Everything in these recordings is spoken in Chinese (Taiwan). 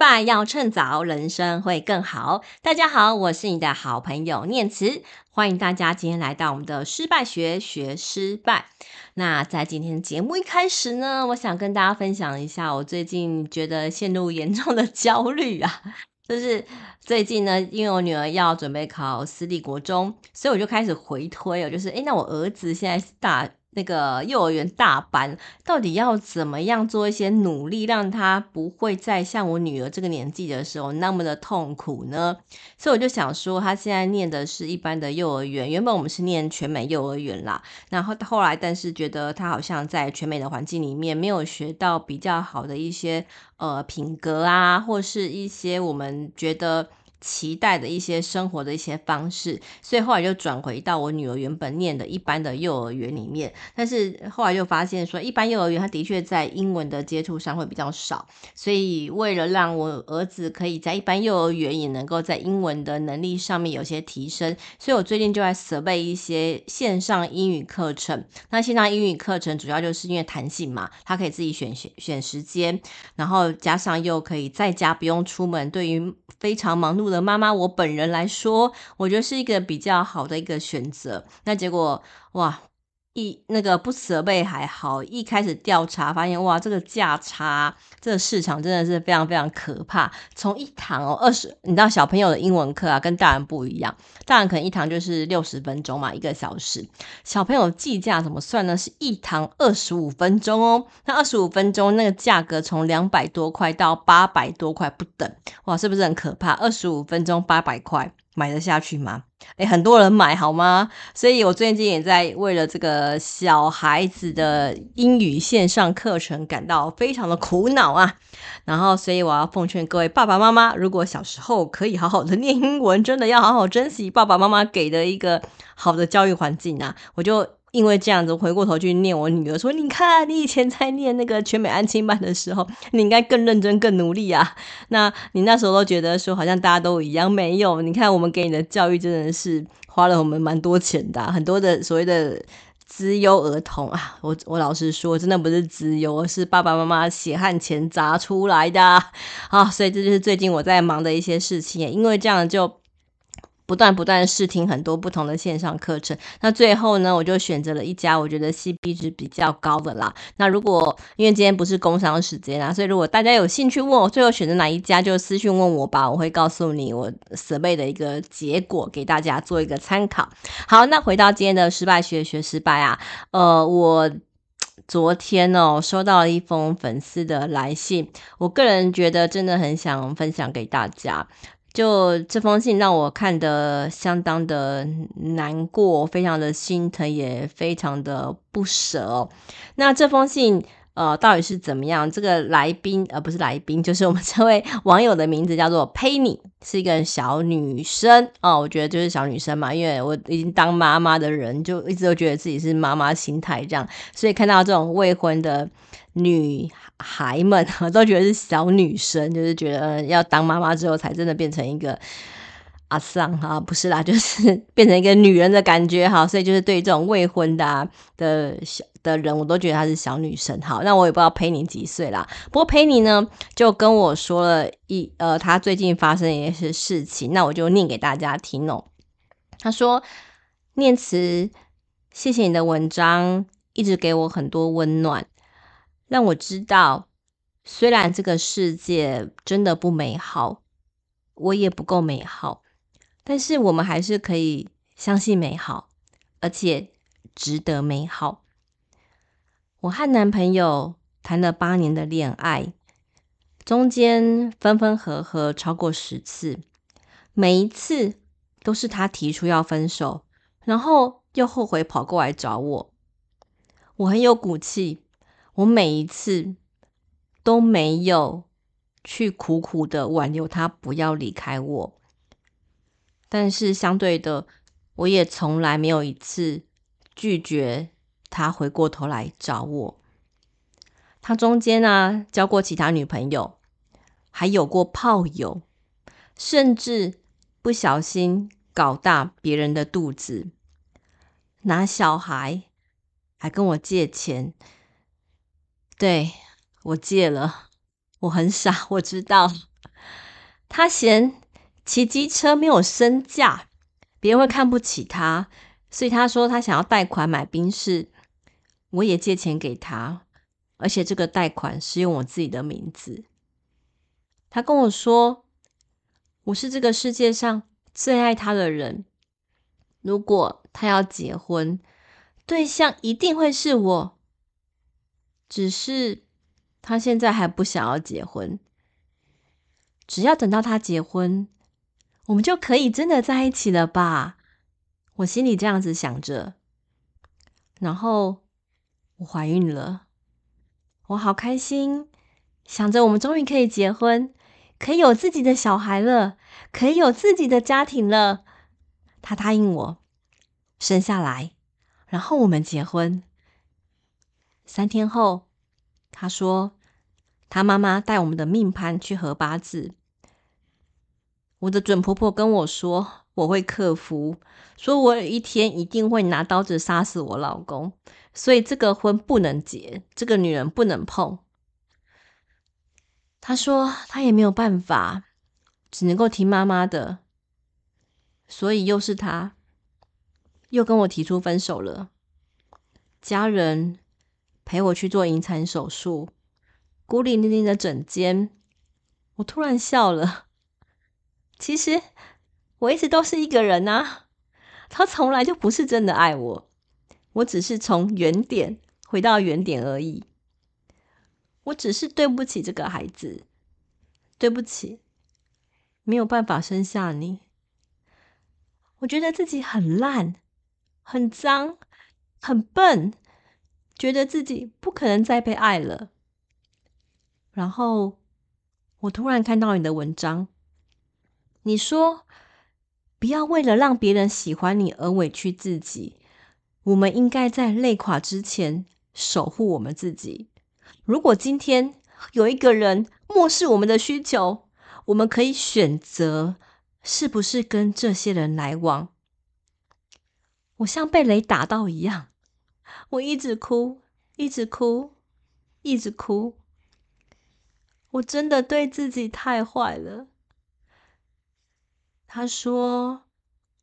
失敗要趁早，人生會更好。大家好，我是你的好朋友念慈，歡迎大家今天來到我們的失敗學學失敗。那在今天節目一開始呢，我想跟大家分享一下，我最近覺得陷入嚴重的焦慮啊，就是最近呢，因為我女兒要準備考私立國中，所以我就開始回推，我就是，哎，那我兒子現在大。那個幼兒園大班到底要怎麼樣做一些努力，讓他不會再像我女兒這個年紀的時候那麼的痛苦呢？所以我就想說，他現在念的是一般的幼兒園，原本我們是念全美幼兒園啦，然後後來但是覺得他好像在全美的環境裡面沒有學到比較好的一些呃品格啊，或是一些我們覺得。期待的一些生活的一些方式，所以後來就轉回到我女兒原本念的一般的幼兒園裡面。但是後來就發現說，一般幼兒園他的確在英文的接觸上會比較少，所以為了讓我兒子可以在一般幼兒園也能夠在英文的能力上面有些提升，所以我最近就在籌備一些線上英語課程。那線上英語課程主要就是因為彈性嘛，他可以自己選選選時間，然後加上又可以在家不用出門，對於非常忙碌。的媽媽，我本人來說，我覺得是一個比較好的一個選擇。那結果，哇。那個，不責備還好，一開始調查發現，哇，這個價差，這個市場真的是非常非常可怕。從一堂哦二十，20，你知道小朋友的英文課啊，跟大人不一樣，大人可能一堂就是六十分鐘嘛，一個小時。小朋友計價怎麼算呢？是一堂二十五分鐘哦，那二十五分鐘那個價格從兩百多塊到八百多塊不等，哇，是不是很可怕？二十五分鐘八百塊。買得下去嗎？誒，很多人買好嗎？所以我最近也在為了這個小孩子的英語線上課程感到非常的苦惱啊。然後，所以我要奉勸各位爸爸媽媽，如果小時候可以好好的念英文，真的要好好珍惜爸爸媽媽給的一個好的教育環境啊！我就。因為這樣子，回過頭去念我女兒說：“你看，你以前在念那個全美安親班的時候，你應該更認真、更努力啊。那你那時候都覺得說，好像大家都一樣，沒有。你看，我們給你的教育真的是花了我們蠻多錢的啊，很多的所謂的資優兒童啊。我我老實說，真的不是資優，是爸爸媽媽血汗錢砸出來的啊。啊，所以這就是最近我在忙的一些事情。因為這樣就。”不斷不斷試聽很多不同的線上課程，那最後呢，我就選擇了一家，我覺得 CP 值比較高的啦。那如果因為今天不是工商時間啊，所以如果大家有興趣問我最後選擇哪一家，就私訊問我吧，我會告訴你我 survey 的一個結果給大家做一個參考。好，那回到今天的失敗學學失敗啊，呃，我昨天呢、哦、收到了一封粉絲的來信，我個人覺得真的很想分享給大家。就這封信讓我看得相當的難過，非常的心疼，也非常的不捨。那這封信。呃，到底是怎麼樣？這個來賓，呃，不是來賓，就是我們這位網友的名字叫做 Penny，是一個小女生哦，呃，我覺得就是小女生嘛，因為我已經當媽媽的人，就一直都覺得自己是媽媽心態這樣，所以看到這種未婚的女孩們都覺得是小女生，就是覺得要當媽媽之後才真的變成一個。阿桑，哈、啊，不是啦，就是變成一個女人的感覺哈，所以就是對這種未婚的、啊、的小的人，我都覺得她是小女生。哈，那我也不知道佩妮幾歲啦。不過佩妮呢就跟我說了一，呃，她最近發生一些事情，那我就念給大家聽哦、喔。她說：“念慈，謝謝你的文章，一直給我很多溫暖，讓我知道，雖然這個世界真的不美好，我也不夠美好。”但是我們還是可以相信美好，而且值得美好。我和男朋友談了八年的戀愛，中間分分合合超過十次，每一次都是他提出要分手，然後又後悔跑過來找我。我很有骨氣，我每一次都沒有去苦苦的挽留他不要離開我。但是相對的，我也從來沒有一次拒絕他回過頭來找我。他中間啊，交過其他女朋友，還有過炮友，甚至不小心搞大別人的肚子，拿小孩還跟我借錢。對，我借了，我很傻，我知道。他嫌。騎機車沒有身價，別人會看不起他，所以他說他想要貸款買賓士，我也借錢給他，而且這個貸款是用我自己的名字。他跟我說，我是這個世界上最愛他的人，如果他要結婚，對象一定會是我，只是他現在還不想要結婚，只要等到他結婚。我們就可以真的在一起了吧。我心裡這樣子想着。然後我懷孕了，我好開心，想着我們終於可以結婚，可以有自己的小孩了，可以有自己的家庭了。他答應我，生下來，然後我們結婚。三天後，他說他媽媽帶我們的命盤去合八字。我的準婆婆跟我說：“我會剋夫，說我有一天一定會拿刀子殺死我老公，所以這個婚不能結，這個女人不能碰。”她說她也沒有辦法，只能夠聽媽媽的。所以又是她，又跟我提出分手了。家人陪我去做引產手術，孤零零,零的診間，我突然笑了。其實我一直都是一個人啊，他從來就不是真的愛我，我只是從原點回到原點而已。我只是對不起這個孩子，對不起，沒有辦法生下你。我覺得自己很爛、很髒、很笨，覺得自己不可能再被愛了。然後我突然看到你的文章。你說：“不要為了讓別人喜歡你而委屈自己。我們應該在累垮之前守護我們自己。如果今天有一個人漠視我們的需求，我們可以選擇是不是跟這些人來往。”我像被雷打到一樣，我一直哭，一直哭，一直哭。我真的對自己太壞了。他說：“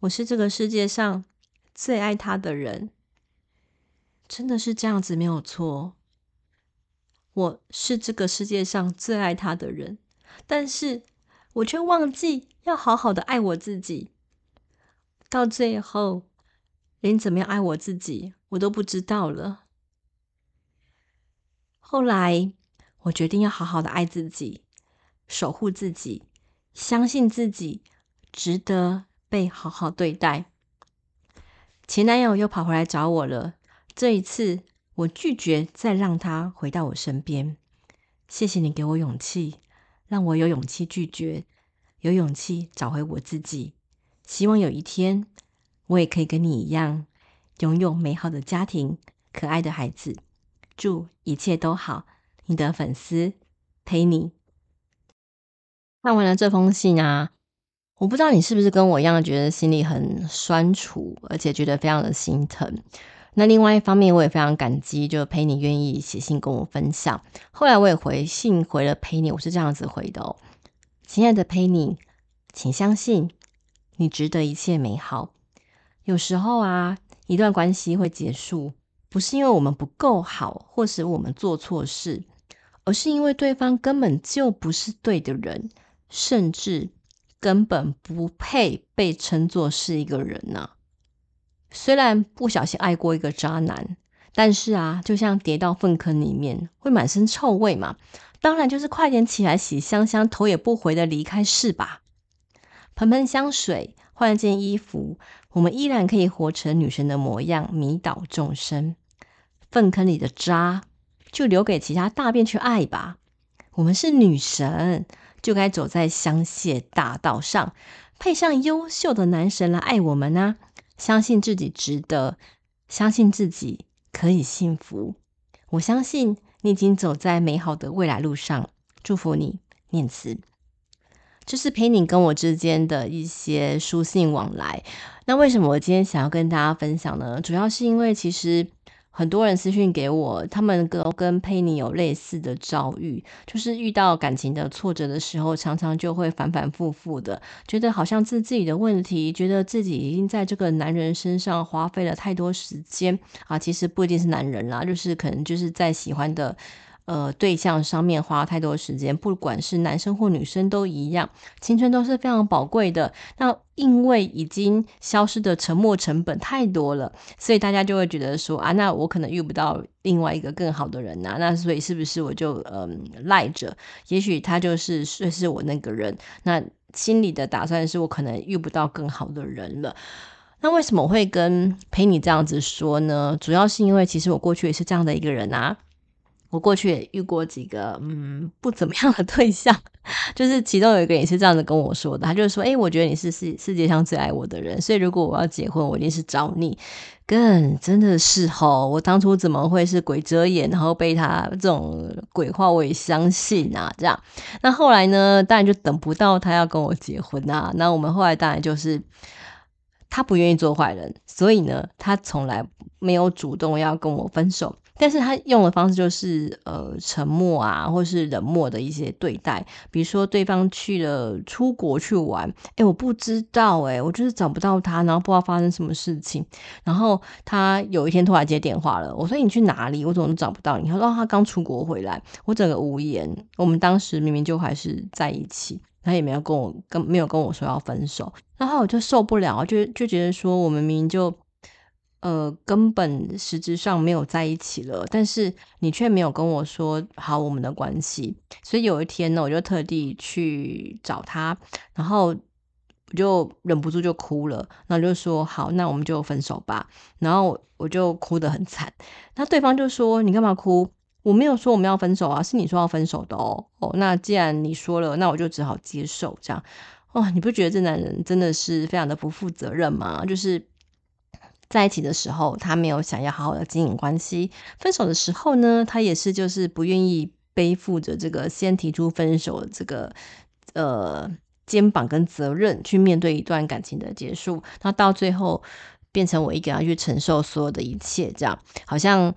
我是這個世界上最愛他的人，真的是這樣子沒有錯。我是這個世界上最愛他的人，但是我卻忘記要好好的愛我自己，到最後連怎麼樣愛我自己我都不知道了。後來我決定要好好的愛自己，守護自己，相信自己。”值得被好好對待。前男友又跑回來找我了，這一次我拒絕再讓他回到我身邊。謝謝你給我勇氣，讓我有勇氣拒絕，有勇氣找回我自己。希望有一天我也可以跟你一樣，擁有美好的家庭、可愛的孩子。祝一切都好。你的粉絲 PENNY。看完了這封信啊。我不知道你是不是跟我一樣覺得心裡很酸楚，而且覺得非常的心疼。那另外一方面，我也非常感激，就佩尼願意寫信跟我分享。後來我也回信回了佩尼。我是這樣子回的哦。親愛的佩尼。請相信你值得一切美好。有時候啊，一段關係會結束，不是因為我們不夠好，或是我們做錯事，而是因為對方根本就不是對的人，甚至。根本不配被稱作是一個人呢、啊。雖然不小心愛過一個渣男，但是啊，就像跌到糞坑裡面，會滿身臭味嘛。當然就是快點起來洗香香，頭也不回的離開是吧？噴噴香水，換一件衣服，我們依然可以活成女神的模樣，迷倒眾生。糞坑裡的渣，就留給其他大便去愛吧。我們是女神，就該走在香榭大道上，配上優秀的男神來愛我們呢、啊。相信自己值得，相信自己可以幸福。我相信你已經走在美好的未來路上，祝福你。念慈，就是陪你跟我之間的一些書信往來，那為什麼我今天想要跟大家分享呢？主要是因為其實。很多人私訊給我，他們都跟佩妮有類似的遭遇，就是遇到感情的挫折的時候，常常就會反反复复的，覺得好像是自己的問題，覺得自己已經在這個男人身上花費了太多時間啊，其實不一定是男人啦，就是可能就是在喜歡的。呃，對象上面花太多時間，不管是男生或女生都一樣，青春都是非常寶貴的。那因為已經消失的沉沒成本太多了，所以大家就會覺得說啊，那我可能遇不到另外一個更好的人吶，啊。那所以是不是我就嗯、呃、賴着？也許他就是是我那個人。那心裡的打算是我可能遇不到更好的人了。那為什麼我會跟 PENNY 這樣子說呢？主要是因為其實我過去也是這樣的一個人啊。我過去也遇過幾個嗯，不怎麼樣的對象，就是其中有一個人也是這樣子跟我說的，他就是說：“哎、欸，我覺得你是世世界上最愛我的人，所以如果我要結婚，我一定是找你。”更真的是吼，我當初怎麼會是鬼遮眼，然後被他這種鬼話我也相信啊，這樣，那後來呢？當然就等不到他要跟我結婚啊。那我們後來當然就是他不願意做壞人，所以呢，他從來沒有主動要跟我分手。但是他用的方式就是呃沉默啊，或是冷漠的一些對待，比如說對方去了出國去玩，哎，我不知道哎，我就是找不到他，然後不知道發生什麼事情，然後他有一天突然接電話了，我說你去哪裡？我怎麼找不到你？他說他剛出國回來，我整個無言。我們當時明明就還是在一起，他也沒有跟我跟沒有跟我說要分手，然後我就受不了，就就覺得說我們明明就。呃，根本實質上沒有在一起了，但是你卻沒有跟我說好我們的關係，所以有一天呢，我就特地去找他，然後我就忍不住就哭了，然後就說好，那我們就分手吧，然後我就哭得很慘，那對方就說，你幹嘛哭？我沒有說我們要分手啊，是你說要分手的哦，哦，那既然你說了，那我就只好接受這樣，哦，你不覺得這男人真的是非常的不負責任嗎？就是。在一起的時候，他沒有想要好好的經營關係。分手的時候呢，他也是就是不願意背負着這個先提出分手的這個呃肩膀跟責任去面對一段感情的結束。那到最後變成我一個人去承受所有的一切，這樣好像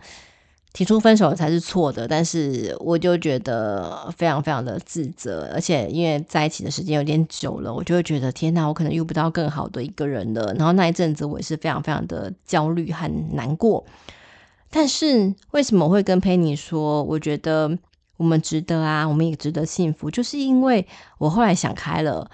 提出分手才是錯的，但是我就覺得非常非常的自責，而且因為在一起的時間有點久了，我就會覺得天哪，我可能遇不到更好的一個人了。然後那一陣子我也是非常非常的焦慮，很難過。但是為什麼我會跟佩妮說？我覺得我們值得啊，我們也值得幸福，就是因為我後來想開了。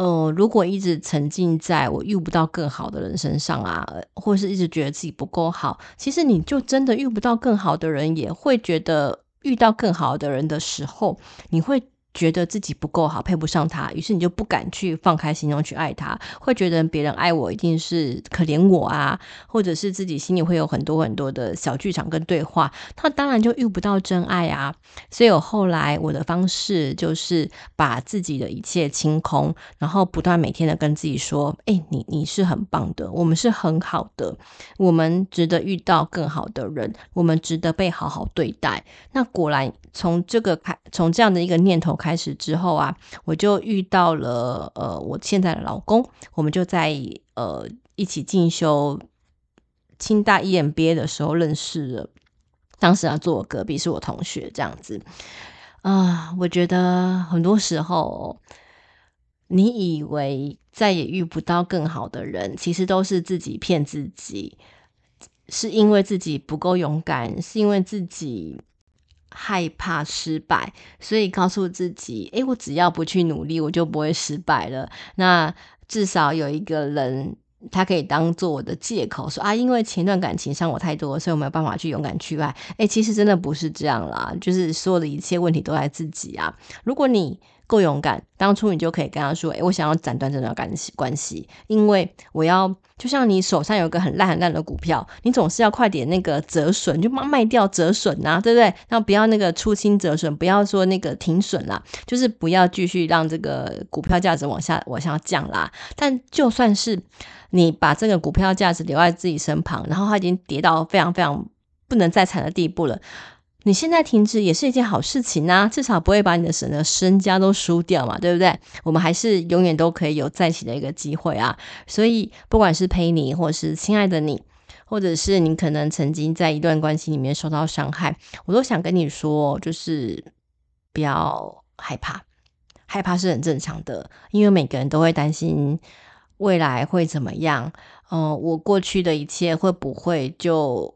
呃、嗯，如果一直沉浸在我遇不到更好的人身上啊，或者是一直覺得自己不夠好，其實你就真的遇不到更好的人，也會覺得遇到更好的人的時候，你會覺得自己不夠好，配不上他，於是你就不敢去放開心中去愛他，會覺得別人愛我一定是可憐我啊，或者是自己心裡會有很多很多的小劇場跟對話，他當然就遇不到真愛啊。所以我後來我的方式就是把自己的一切清空，然後不斷每天的跟自己說，欸，你你是很棒的，我們是很好的，我們值得遇到更好的人，我們值得被好好對待。那果然從這個開，從這樣的一個念頭。開始之後啊，我就遇到了呃，我現在的老公，我們就在呃一起進修清大 EMBA 的時候認識了，當時啊，坐我隔壁是我同學，這樣子。啊、呃，我覺得很多時候，你以為再也遇不到更好的人，其實都是自己騙自己。是因為自己不夠勇敢，是因為自己。害怕失敗，所以告訴自己：誒我只要不去努力，我就不會失敗了。那至少有一個人，他可以當做我的借口，說啊，因為前段感情傷我太多，所以我沒有辦法去勇敢去愛。誒其實真的不是這樣啦，就是所有的一切問題都在自己啊。如果你夠勇敢，當初你就可以跟他說：“欸，我想要斬斷這段關係，關係，因為我要就像你手上有一個很爛很爛的股票，你總是要快點那個折損，就賣掉折損吶，啊，對不對？那不要那個出清折損，不要說那個停損了，就是不要繼續讓這個股票價值往下往下降啦。但就算是你把這個股票價值留在自己身旁，然後它已經跌到非常非常不能再慘的地步了。”你現在停止也是一件好事情啊，至少不會把你的神的身家都輸掉嘛，對不對？我們還是永遠都可以有在一起的一個機會啊。所以，不管是 PENNY，或者是親愛的你，或者是你可能曾經在一段關係裡面受到傷害，我都想跟你說，就是不要害怕，害怕是很正常的，因為每個人都會擔心未來會怎麼樣。嗯、呃，我過去的一切會不會就？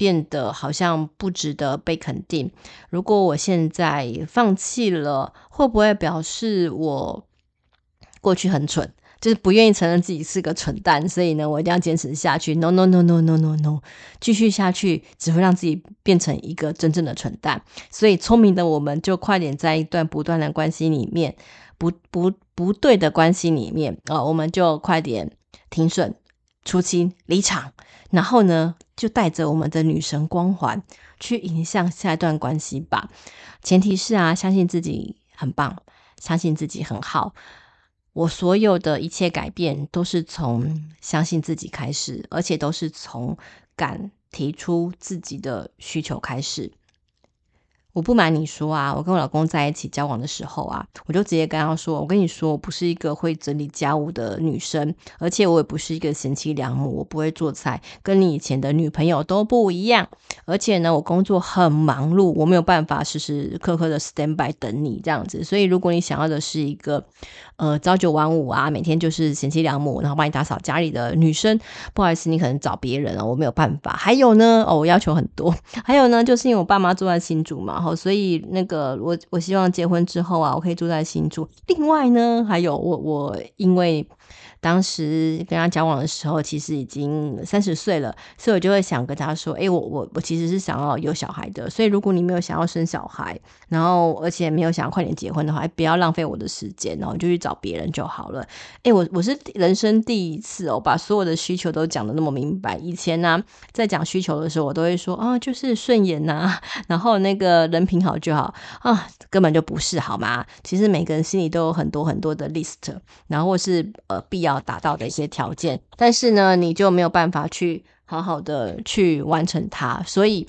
變得好像不值得被肯定。如果我現在放棄了，會不會表示我過去很蠢？就是不願意承認自己是個蠢蛋，所以呢，我一定要堅持下去。No no no no no no no，繼續下去只會讓自己變成一個真正的蠢蛋。所以，聰明的我們就快點在一段不斷的關係裡面，不不不對的關係裡面啊、哦，我們就快點停損。出清離場，然後呢，就帶着我們的女神光環去迎向下一段關係吧。前提是啊，相信自己很棒，相信自己很好。我所有的一切改變都是從相信自己開始，而且都是從敢提出自己的需求開始。我不瞞你說啊，我跟我老公在一起交往的時候啊，我就直接跟他說：“我跟你說，我不是一個會整理家務的女生，而且我也不是一個賢妻良母，我不會做菜，跟你以前的女朋友都不一樣。而且呢，我工作很忙碌，我沒有辦法時時刻刻的 stand by 等你這樣子。所以，如果你想要的是一個呃朝九晚五啊，每天就是賢妻良母，然後幫你打掃家裡的女生，不好意思，你可能找別人哦，我沒有辦法。還有呢，哦，我要求很多。還有呢，就是因為我爸媽住在新竹嘛，吼。”所以那個，我我希望結婚之後啊，我可以住在新竹。另外呢，還有我我因為。當時跟他交往的時候，其實已經三十歲了，所以我就會想跟他說：“哎、欸，我我我其實是想要有小孩的。所以如果你沒有想要生小孩，然後而且沒有想要快點結婚的話，欸、不要浪費我的時間，然後就去找別人就好了。欸”哎，我我是人生第一次哦，我把所有的需求都講得那麼明白。以前呢、啊，在講需求的時候，我都會說：“啊，就是順眼吶、啊，然後那個人品好就好啊，根本就不是好嗎？其實每個人心裡都有很多很多的 list，然後是呃必要。”要達到的一些條件，但是呢，你就沒有辦法去好好的去完成它。所以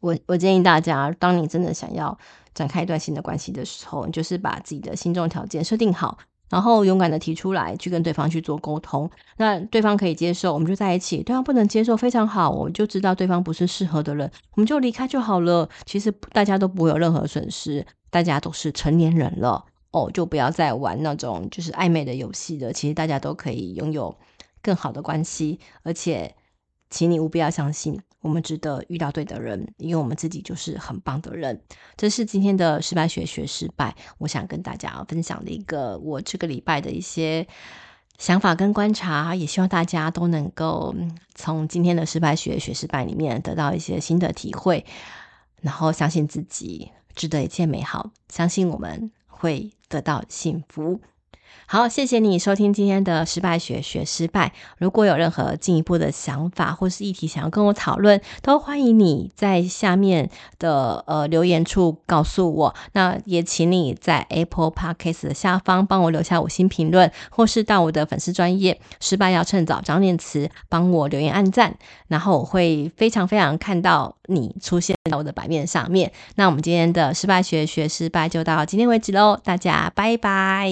我，我我建議大家，當你真的想要展開一段新的關係的時候，你就是把自己的心中條件設定好，然後勇敢的提出來去跟對方去做溝通。那對方可以接受，我們就在一起；對方不能接受，非常好，我們就知道對方不是適合的人，我們就離開就好了。其實大家都不會有任何損失，大家都是成年人了。哦，oh, 就不要再玩那種就是曖昧的遊戲了。其實大家都可以擁有更好的關係，而且，請你務必要相信，我們值得遇到對的人，因為我們自己就是很棒的人。這是今天的失敗學學失敗，我想跟大家分享的一個我這個禮拜的一些想法跟觀察，也希望大家都能夠從今天的失敗學學失敗裡面得到一些新的體會，然後相信自己，值得一切美好，相信我們，會得到幸福。好，謝謝你收聽今天的失敗學學失敗。如果有任何進一步的想法或是議題想要跟我討論，都歡迎你在下面的呃留言處告訴我。那也請你在 Apple Podcast 的下方幫我留下五星評論，或是到我的粉絲專頁失敗要趁早張念慈幫我留言按讚，然後我會非常非常看到你出現在我的版面上面。那我們今天的失敗學學失敗就到今天為止嘍，大家拜拜。